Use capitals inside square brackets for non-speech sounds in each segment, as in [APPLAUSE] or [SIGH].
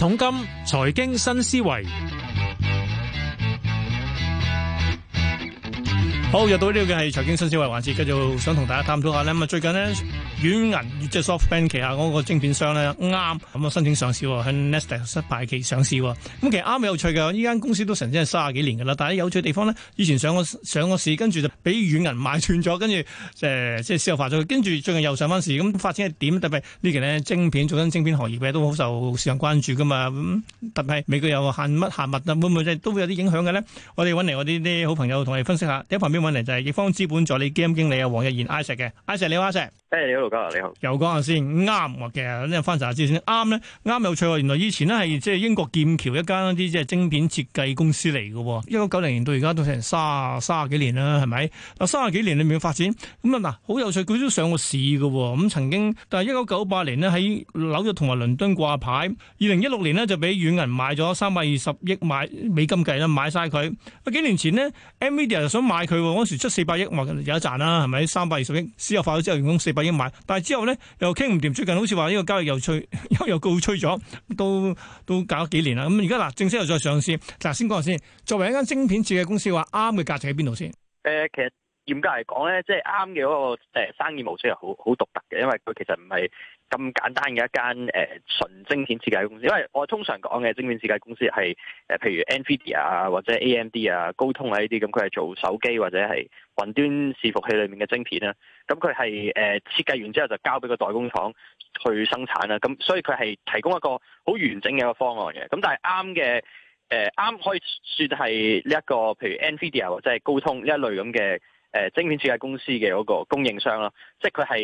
統金財經新思維，好，入到呢個嘅係財經新思維環節。繼續想同大家探討下咧。咁啊最近咧。軟銀即係 softbank 旗下嗰個晶片商咧啱，咁啊申請上市喎，喺 Nasdaq 排期上市喎，咁其實啱有趣嘅，依間公司都成真係卅幾年嘅啦，但係有趣嘅地方咧，以前上過上過市，跟住就俾軟銀買斷咗，跟住誒即係消化咗，跟住最近又上翻市，咁發展係點？特別期呢期咧晶片，做緊晶片行業嘅都好受市場關注噶嘛，咁特別美國又限乜限物啊，會唔會即都會有啲影響嘅咧？我哋揾嚟我啲啲好朋友同你分析一下，喺旁邊揾嚟就係易方資本助理基金經理啊王逸研 Isaac 嘅，Isaac 你好，Isaac。ISEC hey, 大家你好，又講下先啱嘅，啲翻查下先，啱咧，啱有趣喎。原來以前呢係即係英國劍橋一間啲即係晶片設計公司嚟嘅，一九九零年到而家都成三十幾年啦，係咪？嗱，三十幾年裏面發展咁啊，嗱、嗯，好有趣，佢都上過市嘅。咁、嗯、曾經，但係一九九八年呢喺紐約同埋倫敦掛牌，二零一六年呢就俾軟銀買咗三百二十億買美金計啦，買晒佢。啊，幾年前咧 NVIDIA 就想買佢，嗰時出四百億，話有一賺啦，係咪？三百二十億私有化咗之後，用咗四百億買。但係之後咧又傾唔掂，最近好似話呢個交易又吹又又告吹咗，都都搞咗幾年啦。咁而家嗱正式又再上市，嗱先講下先。作為一間晶片設計公司話，話啱嘅價值喺邊度先？其嚴格嚟講咧，即係 ARM 嘅嗰個生意模式係好好獨特嘅，因為佢其實唔係咁簡單嘅一間誒、呃、純晶片設計公司。因為我通常講嘅晶片設計公司係、呃、譬如 NVIDIA 啊或者 AMD 啊、高通啊呢啲咁，佢、嗯、係做手機或者係雲端伺服器裏面嘅晶片啦。咁佢係誒設計完之後就交俾個代工廠去生產啦。咁、嗯、所以佢係提供一個好完整嘅一個方案嘅。咁、嗯、但係 ARM 嘅誒 ARM 可以算係呢一個譬如 NVIDIA 或者高通呢一類咁嘅。誒，晶片設計公司嘅嗰個供應商咯，即係佢係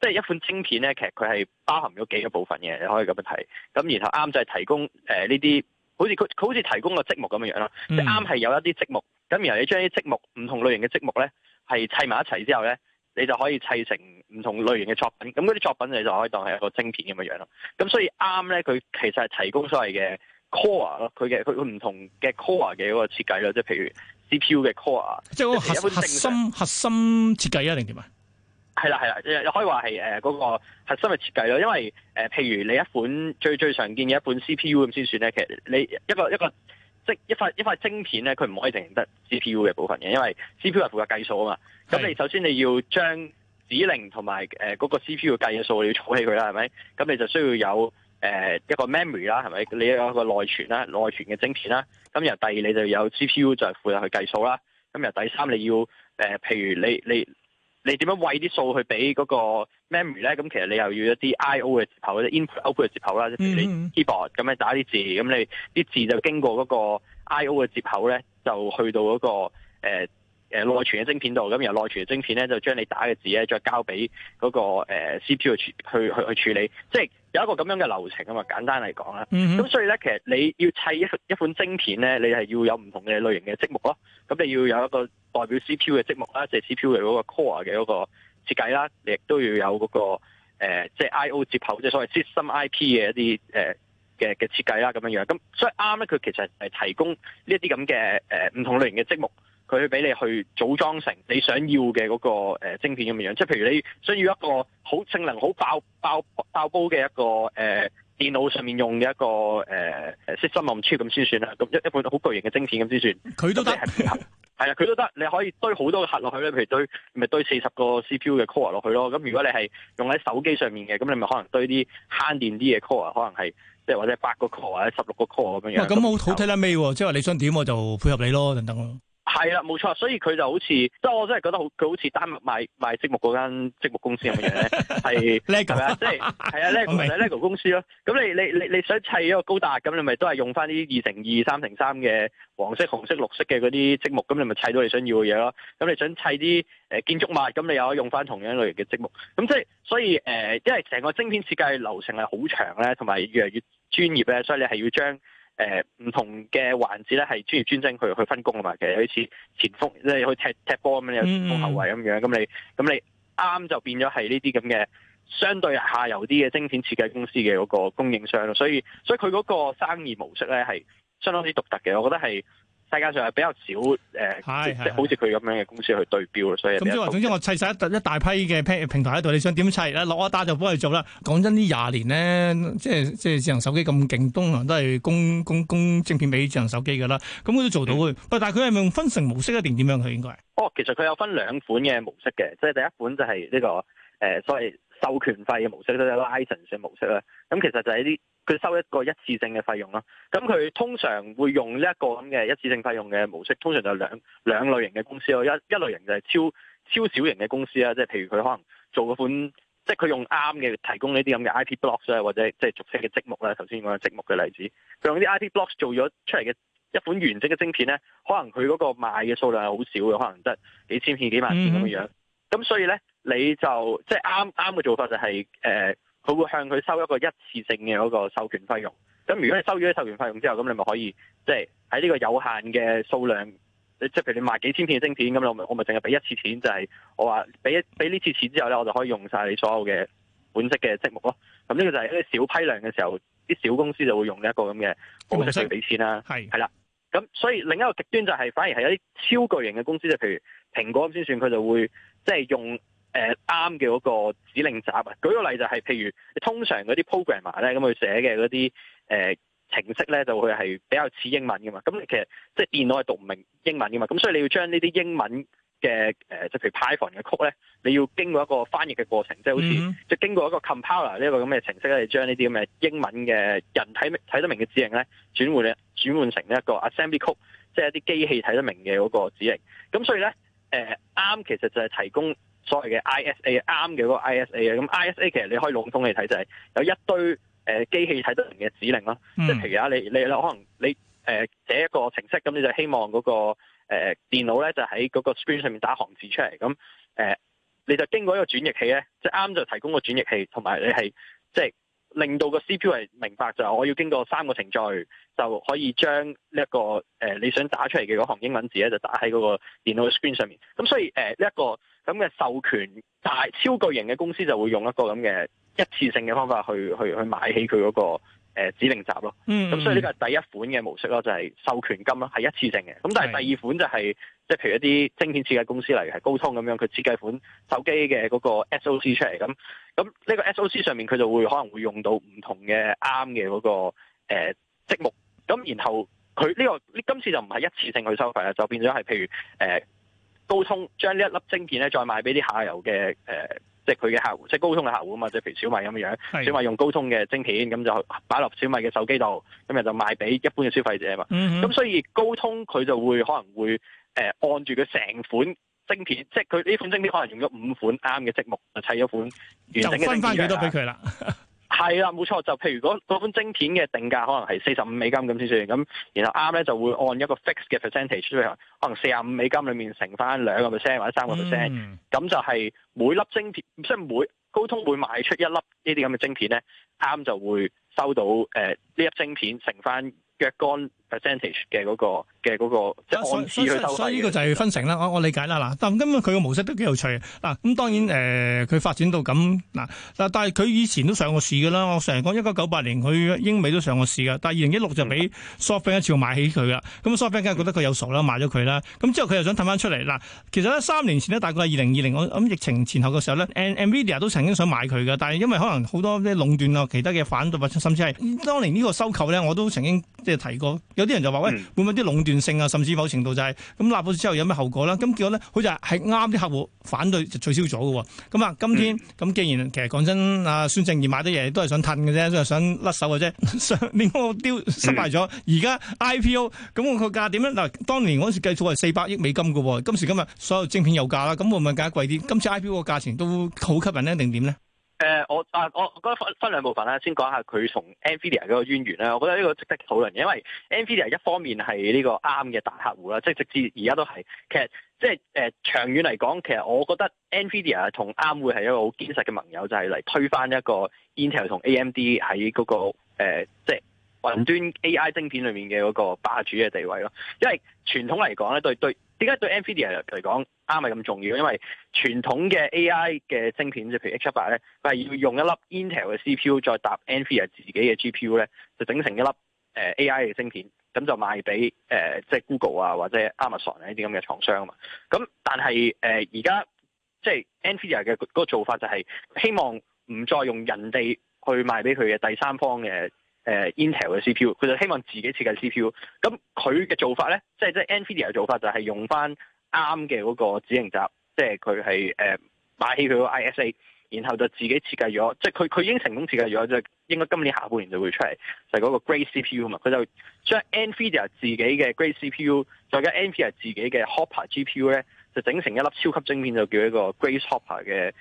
即係一款晶片咧，其實佢係包含咗幾個部分嘅，你可以咁樣睇。咁然後啱就係提供誒呢啲，呃、好似佢佢好似提供個積木咁樣樣咯，即係啱係有一啲積木，咁然後你將啲積木唔同類型嘅積木咧，係砌埋一齊之後咧，你就可以砌成唔同類型嘅作品。咁嗰啲作品你就可以當係一個晶片咁樣樣咯。咁所以啱咧，佢其實係提供所謂嘅 core 咯，佢嘅佢佢唔同嘅 core 嘅嗰個設計咯，即係譬如。C P U 嘅 core，即係一本核心核心設計啊，定點啊？係啦，係啦，又可以話係誒嗰個核心嘅設計咯。因為誒、呃，譬如你一款最最常見嘅一款 C P U 咁先算咧，其實你一個一個即係一塊一塊晶片咧，佢唔可以淨係得 C P U 嘅部分嘅，因為 C P U 係負責計數啊嘛。咁你首先你要將指令同埋誒嗰個 C P U 嘅計嘅數你要儲起佢啦，係咪？咁你就需要有。誒、呃、一個 memory 啦，係咪？你有一個內存啦，內存嘅晶片啦。咁由第二你就有 CPU 就係負責去計數啦。咁由第三你要誒、呃，譬如你你你點樣喂啲數去俾嗰個 memory 咧？咁其實你又要一啲 I/O 嘅接口，即、就、係、是、input output 嘅接口啦。即、就、係、是、你 keyboard 咁樣打啲字，咁你啲字就經過嗰個 I/O 嘅接口咧，就去到嗰、那個、呃誒內存嘅晶片度，咁由內存嘅晶片咧，就將你打嘅字咧，再交俾嗰個 CPU 去去去處理，即係有一個咁樣嘅流程啊嘛。簡單嚟講啦，咁、嗯、所以咧，其實你要砌一一款晶片咧，你係要有唔同嘅類型嘅積木咯。咁你要有一個代表 CPU 嘅積木啦，即、就、係、是、CPU 嘅嗰個 core 嘅嗰個設計啦，亦都要有嗰、那個即係、呃就是、I/O 接口，即係所謂 system IP 嘅一啲誒嘅嘅設計啦，咁樣樣。咁所以 ARM 咧，佢其實係提供呢一啲咁嘅唔同類型嘅積木。佢俾你去組裝成你想要嘅嗰個晶片咁嘅樣，即係譬如你需要一個好性能好爆爆爆煲嘅一個誒、呃、電腦上面用嘅一個誒 s 核心 CPU 咁先算啦，咁一一款好巨型嘅晶片咁先算。佢都得，係啦，佢都得，你可以堆好多核落去咧，譬如堆咪堆四十個 CPU 嘅 core 落去咯。咁如果你係用喺手機上面嘅，咁你咪可能堆啲慳電啲嘅 core，可能係即係或者八個 core 或者十六個 core 咁、嗯、樣。咁好睇得尾喎，即係話你想點我就配合你咯，等等咯。係啦，冇錯，所以佢就好似，即係我真係覺得好，佢好似丹麥賣賣積木嗰間積木公司咁嘅嘢咧，係 [LAUGHS] Lego 啊，即係係啊 Lego 就 Lego 公司咯。咁 [LAUGHS] 是的 [LAUGHS] ，okay。你你你你想砌一個高達，咁你咪都係用翻啲二乘二、三乘三嘅黃色、紅色、綠色嘅嗰啲積木，咁你咪砌到你想要嘅嘢咯。咁你想砌啲誒建築物，咁你又可以用翻同樣類型嘅積木。咁即係所以誒、呃，因為成個晶片設計流程係好長咧，同埋越嚟越專業咧，所以你係要將。誒、呃，唔同嘅環節咧係專業專精，去去分工啊嘛。其實好似前鋒，即係去踢踢波咁樣，有前鋒後衛咁樣。咁你咁你啱，就變咗係呢啲咁嘅相對下游啲嘅晶片設計公司嘅嗰個供應商咯。所以所以佢嗰個生意模式咧係相當之獨特嘅，我覺得係。世界上係比較少誒，即係好似佢咁樣嘅公司去對標咯。所以，咁即係話，總之我砌晒一一大批嘅平台喺度，你想點砌咧？落一打就幫佢做啦。講真，呢廿年咧，即係即係智能手機咁勁，通常都係供供供晶片俾智能手機㗎啦。咁佢都做到嘅。不，但係佢係咪用分成模式咧，定點樣佢應該？哦，其實佢有分兩款嘅模式嘅，即係第一款就係呢、這個誒、呃、所謂授權費嘅模式，即係 license 模式啦。咁其實就係啲。佢收一個一次性嘅費用咯，咁佢通常會用呢一個咁嘅一次性費用嘅模式，通常就係兩兩類型嘅公司咯，一一類型就係超超小型嘅公司啦，即係譬如佢可能做嗰款，即係佢用啱嘅提供呢啲咁嘅 IP block 啊，或者即係俗稱嘅積木啦，頭先講嘅積木嘅例子，佢用啲 IP block 做咗出嚟嘅一款完整嘅晶片咧，可能佢嗰個賣嘅數量係好少嘅，可能得幾千片、幾萬片咁樣樣，咁、嗯、所以咧你就即係啱啱嘅做法就係呃佢會向佢收一個一次性嘅嗰個授權費用。咁如果你收咗啲授權費用之後，咁你咪可以即係喺呢個有限嘅數量，即係譬如你賣幾千片芯片，咁你咪我咪淨係俾一次錢，就係我話俾俾呢次錢之後咧，我就可以用晒你所有嘅本色嘅積木咯。咁呢個就係小批量嘅時候，啲小公司就會用呢一個咁嘅本色去俾錢啦。係係啦。咁所以另一個極端就係反而係一啲超巨型嘅公司，就譬如蘋果咁先算，佢就會即係用。誒啱嘅嗰個指令集啊。舉個例就係，譬如你通常嗰啲 programmer 咧，咁佢寫嘅嗰啲誒程式咧，就會係比較似英文嘅嘛。咁其實即係電腦係讀唔明英文嘅嘛，咁所以你要將呢啲英文嘅誒，即譬如 Python 嘅曲咧，你要經過一個翻譯嘅過程，即係好似即經經過一個 compiler 呢一個咁嘅程式咧，你將呢啲咁嘅英文嘅人睇睇得明嘅指令咧，轉換轉換成一個 assembly 曲，即係一啲機器睇得明嘅嗰個指令。咁所以咧誒啱，其實就係提供。所謂嘅 I S A 啱嘅嗰個 I S A 啊，咁 I S A 其實你可以籠統嚟睇，就係有一堆誒、呃、機器睇得明嘅指令咯、啊，即、嗯、係譬如啊，你你可能你誒寫一個程式，咁你就希望嗰、那個誒、呃、電腦咧就喺嗰個 screen 上面打行字出嚟，咁誒、呃、你就經過一個轉譯器咧，即係啱就提供個轉譯器，同埋你係即係令到個 C P U 係明白就我要經過三個程序就可以將呢一個誒、呃、你想打出嚟嘅嗰行英文字咧就打喺嗰個電腦嘅 screen 上面，咁所以呢一、呃這個。咁嘅授權大超巨型嘅公司就會用一個咁嘅一次性嘅方法去去去買起佢嗰、那個、呃、指令集咯。咁、mm-hmm. 所以呢個係第一款嘅模式咯，就係、是、授權金咯，係一次性嘅。咁但係第二款就係即係譬如一啲晶片設計公司嚟，係高通咁樣佢設計款手機嘅嗰個 SOC 出嚟咁。咁呢個 SOC 上面佢就會可能會用到唔同嘅啱嘅嗰個誒、呃、積木。咁然後佢呢、這個呢今次就唔係一次性去收費啦，就變咗係譬如、呃高通將呢一粒晶片咧，再賣俾啲下游嘅誒、呃，即係佢嘅客戶，即係高通嘅客戶啊嘛，即係譬如小米咁樣，小米用高通嘅晶片，咁就擺落小米嘅手機度，咁樣就賣俾一般嘅消費者啊嘛。咁、嗯、所以高通佢就會可能會誒、呃、按住佢成款晶片，即係佢呢款晶片可能用咗五款啱嘅積木嚟砌咗款完整嘅晶片。就分翻幾多俾佢啦。 [LAUGHS] 係啦，冇錯，就譬如嗰嗰晶片嘅定價可能係四十五美金咁先算，咁然後啱咧就會按一個 fixed 嘅 percentage 出嚟，可能四十五美金裏面乘翻兩個 percent 或者三個 percent，咁就係每粒晶片，即係每高通會賣出一粒呢啲咁嘅晶片咧，啱就會收到誒呢、呃、粒晶片乘翻若干。percentage 嘅嗰個嘅嗰、嗰個、即係按市去收、啊、所以呢個就係分成啦。我我理解啦嗱。但根本佢個模式都幾有趣。嗱、啊、咁、嗯、當然誒，佢、呃、發展到咁嗱嗱，但係佢以前都上過市㗎啦。我成日講一九九八年佢英美都上過市㗎。但係二零一六就俾 SoftBank 一次買起佢啦。咁 SoftBank 梗係覺得佢有傻啦，買咗佢啦。咁、啊、之後佢又想褪翻出嚟嗱、啊。其實咧三年前呢，大概二零二零，我諗疫情前後嘅時候咧，NVIDIA 都曾經想買佢㗎，但係因為可能好多啲壟斷啊，其他嘅反對甚至係當年呢個收購咧，我都曾經即係提過。有啲人就話：喂、欸，會唔會啲壟斷性啊？甚至某程度就係、是、咁立咗之後有咩後果啦？咁結果咧，佢就係啱啲客戶反對就取消咗嘅。咁啊，今天咁、嗯、既然其實講真，阿、啊、孫正義買啲嘢都係想褪嘅啫，都係想甩手嘅啫、嗯，想點我丟失敗咗？而、嗯、家 IPO 咁我個價點咧？嗱，當年我嗰時計數係四百億美金㗎喎，今時今日所有晶片有價啦，咁會唔會更加貴啲？今次 IPO 個價錢都好吸引呢？定點呢？誒、呃、我啊，我覺得分分兩部分啦，先講下佢同 NVIDIA 嗰個淵源啦。我覺得呢個值得討論，因為 NVIDIA 一方面係呢個 ARM 嘅大客戶啦，即係直至而家都係。其實即係誒、呃、長遠嚟講，其實我覺得 NVIDIA 同 ARM 會係一個好堅實嘅盟友，就係、是、嚟推翻一個 Intel 同 AMD 喺嗰、那個、呃、即係雲端 AI 晶片裏面嘅嗰個霸主嘅地位咯。因為傳統嚟講咧，對對。而家對 Nvidia 嚟講啱係咁重要，因為傳統嘅 AI 嘅晶片，即譬如 H78 咧，佢係要用一粒 Intel 嘅 CPU 再搭 Nvidia 自己嘅 GPU 咧，就整成一粒、呃、AI 嘅晶片，咁就賣俾、呃、即 Google 啊或者 Amazon 呢啲咁嘅廠商啊嘛。咁但係誒而家即係 Nvidia 嘅個做法就係希望唔再用人哋去賣俾佢嘅第三方嘅。誒、uh, Intel 嘅 CPU，佢就希望自己設計 CPU。咁佢嘅做法咧，即係即係 NVIDIA 嘅做法就係用翻啱嘅嗰個指令集，即係佢係誒買起佢個 ISA，然後就自己設計咗，即係佢佢已經成功設計咗，就應該今年下半年就會出嚟就係、是、嗰個 Grace CPU 啊嘛。佢就將 NVIDIA 自己嘅 Grace CPU 再加 NVIDIA 自己嘅 Hopper GPU 咧，就整成一粒超級晶片，就叫一個 Grace Hopper 嘅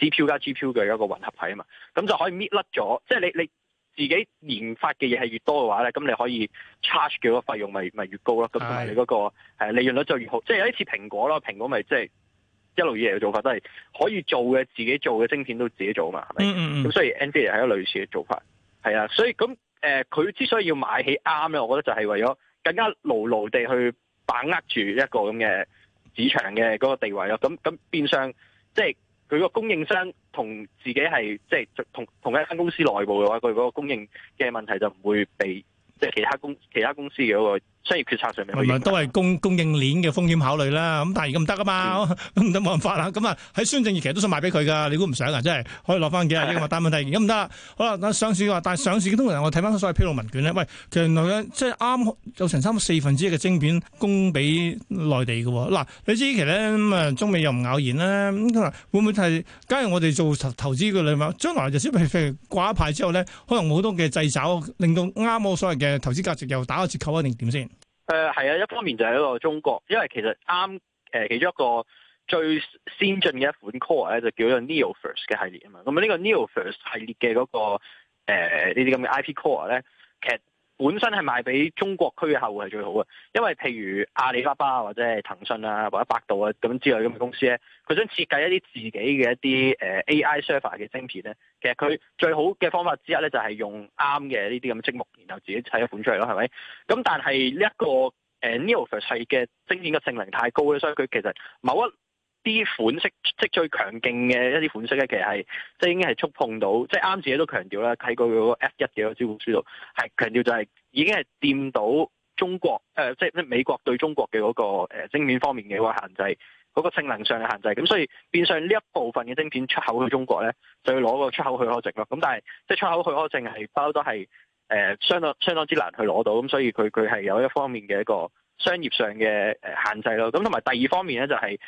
誒 CPU 加 GPU 嘅一個混合體啊嘛。咁就可以搣甩咗，即係你你。你自己研發嘅嘢係越多嘅話咧，咁你可以 charge 嘅個費用咪咪越，越高咯。咁同埋你嗰、嗰個利潤率就越好。即係有一次蘋果咯，蘋果咪即係一路以嚟嘅做法都係可以做嘅，自己做嘅晶片都自己做啊嘛，係、嗯、咪、嗯嗯？咁所以 NVIDIA 係一個類似嘅做法，係啊。所以咁誒，佢、呃、之所以要買起啱咧，我覺得就係為咗更加牢牢地去把握住一個咁嘅市場嘅嗰個地位咯。咁咁變相即係佢個供應商同自己係即係同同一間公司內部嘅話，佢嗰個供應嘅問題就唔會被即係其他公其他公司嘅、嗰個。商業決策上面，咪都係供供應鏈嘅風險考慮啦。咁但係而家唔得㗎嘛，唔得冇辦法啦。咁啊，喺孫正義其實都想賣俾佢噶，你估唔想啊？真係可以攞翻幾廿億啊？但 [LAUGHS] 問題而家唔得。好啦，嗱上市嘅話，但係上市通常我睇翻所謂披露文卷咧，喂，其實原來咧即係啱做成三四分之一嘅晶片供俾內地嘅。嗱，你知其咧咁啊，中美又唔咬弦啦。咁佢話會唔會係假如我哋做投投資嘅禮物，將來就先譬如掛一牌之後咧，可能好多嘅掣肘，令到啱我所謂嘅投資價值又打個折扣啊？定點先？誒、呃、係啊，一方面就係一個中國，因為其實啱、呃、其中一個最先進嘅一款 core 咧，就叫做 Neoverse 嘅系列啊嘛。咁啊呢個 Neoverse 系列嘅嗰、那個呢啲咁嘅 IP core 咧，其實本身係賣俾中國區嘅客戶係最好嘅，因為譬如阿里巴巴或者係騰訊啊或者百度啊咁之類咁嘅公司咧，佢想設計一啲自己嘅一啲誒 AI server 嘅芯片咧，其實佢最好嘅方法之一咧就係用啱嘅呢啲咁嘅積木，然後自己砌一款出嚟咯，係咪？咁但係呢一個誒 Neoverse 係嘅晶片嘅性能太高咧，所以佢其實某一啲款式即係最強勁嘅一啲款式咧，其實係即係已經係觸碰到，即係啱自己都強調啦，睇過個 F 一嘅個招股書度，係強調就係已經係掂到中國誒，即、呃、係、即係、美國對中國嘅嗰、嗰個、呃、晶片方面嘅個限制，嗰、嗰個性能上嘅限制。咁所以變相呢一部分嘅晶片出口去中國咧，就要攞個出口許可證咯。咁但係即係出口許可證係包都係誒相當相當之難去攞到，咁所以佢佢係有一方面嘅一個。商業上嘅限制咯，咁同埋第二方面咧就係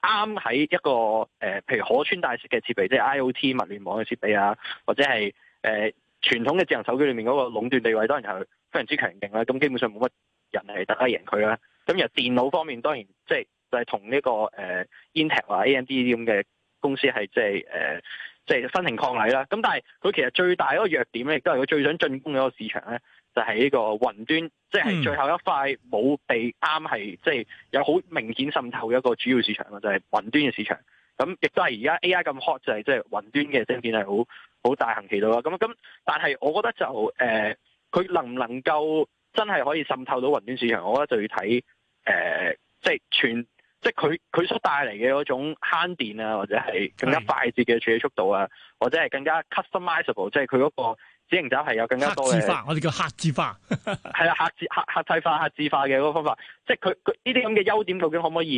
啱喺一個誒，譬如可穿戴式嘅設備，即係 IOT 物聯網嘅設備啊，或者係誒、呃、傳統嘅智能手機裏面嗰個壟斷地位，當然係非常之強勁啦。咁基本上冇乜人係得得贏佢啦。咁由電腦方面，當然即係就係同呢個誒、呃、Intel 或 AMD 呢啲咁嘅公司係即係誒即係分庭抗禮啦。咁但係佢其實最大嗰個弱點咧，亦都係佢最想進攻嗰個市場咧。就係、是、呢個雲端，即、就、係、是、最後一塊冇被啱係，即、嗯、係、就是、有好明顯滲透嘅一個主要市場咯，就係、是、雲端嘅市場。咁亦都係而家 AI 咁 hot，就係即係雲端嘅芯片係好好大行其道啦。咁咁，但係我覺得就誒，佢、呃、能唔能夠真係可以滲透到雲端市場，我覺得就要睇誒、呃，即係全，即係佢佢所帶嚟嘅嗰種慳電啊，或者係更加快捷嘅處理速度啊，是或者係更加 customizable 即係佢嗰、那個。只型就係有更加多嘅，我哋叫客製化，係啦客製客客製化客製化嘅嗰個方法，即係佢佢呢啲咁嘅優點究竟可唔可以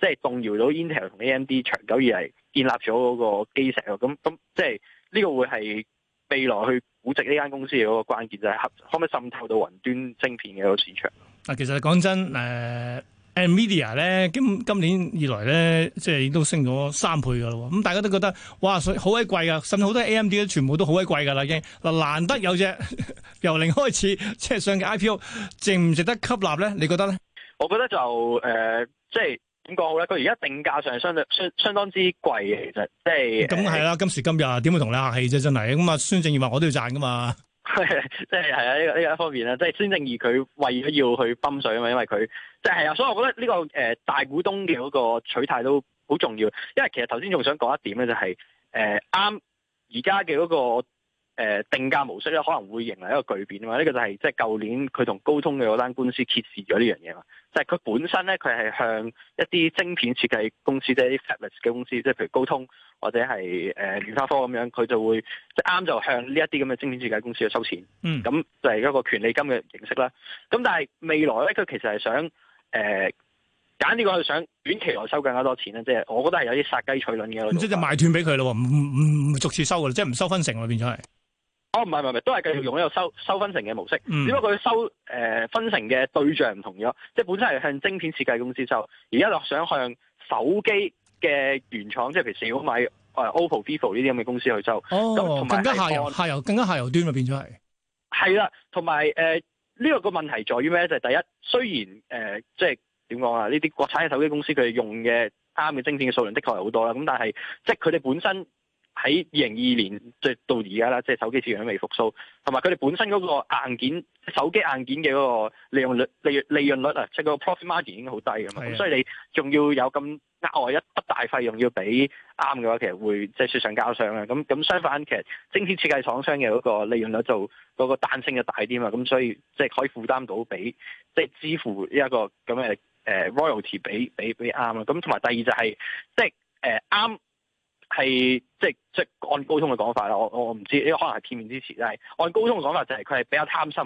即係、就是、動搖到 Intel 同 AMD 長久以嚟建立咗嗰個基石啊？咁咁即係呢、這個會係未來去估值呢間公司嘅嗰個關鍵就係、是、可可唔可以滲透到雲端晶片嘅嗰個市場？嗱，其實講真誒。呃 Nvidia 咧今今年以來咧，已經都升咗三倍噶咯。咁大家都覺得哇，好鬼貴啊，甚至好多 AMD 都全部都好鬼貴噶啦。已經嗱，難得有隻由零開始即係上嘅 IPO，值唔值得吸納咧？你覺得咧？我覺得就誒、呃，即係點講好咧？佢而家定價上係相對相相當之貴嘅，其實即係咁係啦。今時今日點會同你客氣啫？真係咁啊！孫正義話我都要賺噶嘛。即係係啊！呢個呢個一方面啦，即係孫正義佢為咗要去泵水啊嘛，因為佢即係係啊，所以我覺得呢、呢個誒、呃、大股東嘅嗰個取態都好重要，因為其實頭先仲想講一點咧、就係，就係誒啱而家嘅嗰個。誒、呃、定價模式咧可能會迎嚟一個巨變啊嘛！呢個就係即係舊年佢同高通嘅嗰單官司揭示咗呢樣嘢嘛。即係佢本身咧，佢係向一啲晶片設計公司，即係一啲 fabless 嘅公司，即係譬如高通或者係誒聯發科咁樣，佢就會即啱、就是、就向呢一啲咁嘅晶片設計公司去收錢。咁、嗯、就係一個權利金嘅形式啦。咁但係未來咧，佢其實係想誒揀呢個係想短期內收更加多錢咧。即、就、係、是、我覺得係有啲殺雞取卵嘅。咁即係賣斷俾佢咯，唔唔唔逐次收嘅，即係唔收分成咯，變咗係。哦，唔係唔係都係繼續用呢個收收分成嘅模式，嗯、只不過佢收、呃、分成嘅對象唔同咗，即係本身係向晶片設計公司收，而家就想向手機嘅原廠，即係譬如小米、買、呃、OPPO、OPPO, VIVO 呢啲咁嘅公司去收，咁、哦、更加下游下游更加下游端咪變咗係係啦，同埋呢個個問題在於咩？就係、是、第一，雖然、呃、即係點講啊，呢啲國產嘅手機公司佢哋用嘅 ARM 嘅晶片嘅數量，的確係好多啦。咁但係即係佢哋本身。喺二零二二年到現在，即到而家啦，即手機市場未復甦，同埋佢哋本身嗰個硬件、手機硬件嘅嗰個利潤率、利用率利潤率啊，即、就是、個 profit margin 已經好低㗎嘛，咁所以你仲要有咁額外一筆大費用要俾啱嘅話，其實會即、就是、雪上加霜啦。咁咁相反，其實精緻設計廠商嘅嗰個利潤率就嗰、那個彈性就大啲嘛，咁所以即、就是、可以負擔到俾即、就是、支付一個咁嘅誒 royalty 俾俾俾啱啦。咁同埋第二就係即誒啱。就是呃係即即按高通嘅講法啦，我我唔知呢個可能係片面之詞，但係按高通嘅講法就係佢係比較貪心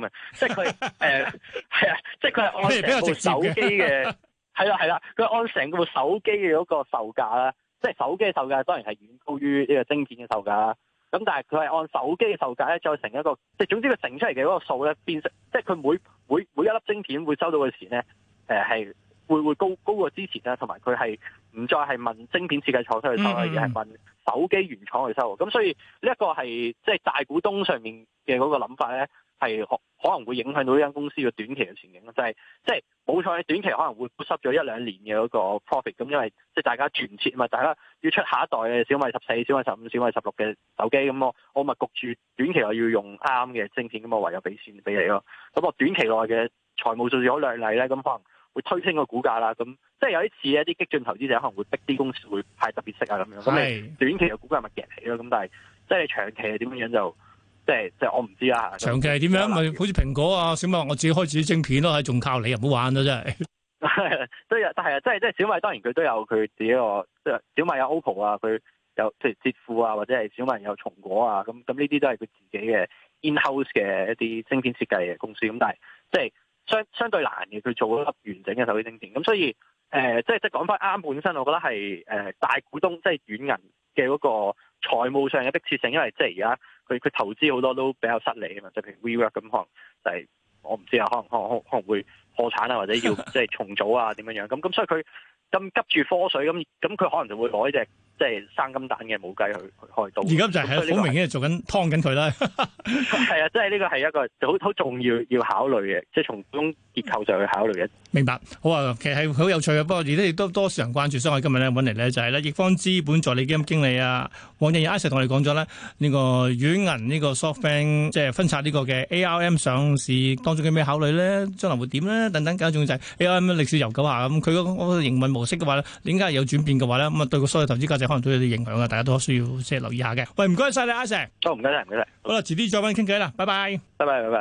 嘅、 [LAUGHS] 呃，即係佢係啊，即係佢係按成部手機嘅係啦係啦，佢 [LAUGHS] 按成部手機嘅嗰個售價啦，即係手機嘅售價當然係遠高於呢個晶片嘅售價啦。咁但係佢係按手機嘅售價咧再乘一個，即係總之佢乘出嚟嘅嗰個數咧變成，即係佢每每每一粒晶片會收到嘅錢咧係。呃會會高高過之前啦，同埋佢係唔再係問晶片設計廠出去收，而係問手機原廠去收。咁所以呢一、這個係即係大股東上面嘅嗰個諗法咧，係可能會影響到呢間公司嘅短期嘅前景咯。就係、是、即係冇錯，短期可能會蝕咗一兩年嘅嗰個 profit。咁因為即係、就是、大家存設嘛，大家要出下一代嘅小米十四、小米十五、小米十六嘅手機咁，我我咪焗住短期我要用啱嘅晶片，咁我唯有俾錢俾你咯。咁我短期內嘅財務數字有兩例咧，咁可能。會推升個股價啦，咁即係有啲似一啲激進投資者可能會逼啲公司會派特別息啊，咁樣咁你短期嘅股價咪夾起咯，咁但係即係長期點樣就即係即係我唔知啦。長期係點樣咪好似蘋果啊，小米我自己開自己晶片咯，啊，係仲靠你，唔好玩啦，啊，真係。 [LAUGHS] 對啊就是就是，都有，但係啊，即係即係小米，當然佢都有佢自己個，即係小米有 OPPO 啊，佢有即係哲庫啊，或者係小米有松果啊，咁咁呢啲都係佢自己嘅 in house 嘅一啲晶片設計嘅公司，咁但係即係。就是相相對難嘅，佢做嗰粒完整嘅手機晶片，咁所以誒、呃，即係即係講翻啱本身，我覺得係誒、呃、大股東即係軟銀嘅嗰個財務上嘅迫切性，因為即係而家佢佢投資好多都比較失利啊嘛，就譬如 WeWork 咁可能就係、是、我唔知啊，可能可能可能可能會破產啊，或者要即係重組啊點樣樣，咁咁所以佢咁急住科水咁咁佢可能就會攞一隻。即係生金蛋嘅母雞去開刀。而家就係、是、好明顯做緊劏緊佢啦。係啊，即係呢個係一個好好重要要考慮嘅，即係從中結構上去考慮嘅。明白。好啊，其實係好有趣嘅。不過而家亦都多數人關注。所以我今日咧揾嚟咧就係、是、咧，易方資本助理基金經理啊，王逸研阿 s i 同我哋講咗咧，呢、這個軟銀呢個 SoftBank 即係分拆呢個嘅 ARM 上市當中嘅咩考慮咧，將來會點咧？等等。更加重要就係 ARM 歷史悠久啊。咁，佢嗰個營運模式嘅話咧，點解有轉變嘅話咧？咁啊對個所謂投資價值。可能都有啲影響嘅，大家都需要即係留意下嘅。喂，唔該晒你，阿成。好，唔該晒，唔該晒。好啦，遲啲再返傾偈啦，拜拜。拜拜，拜拜。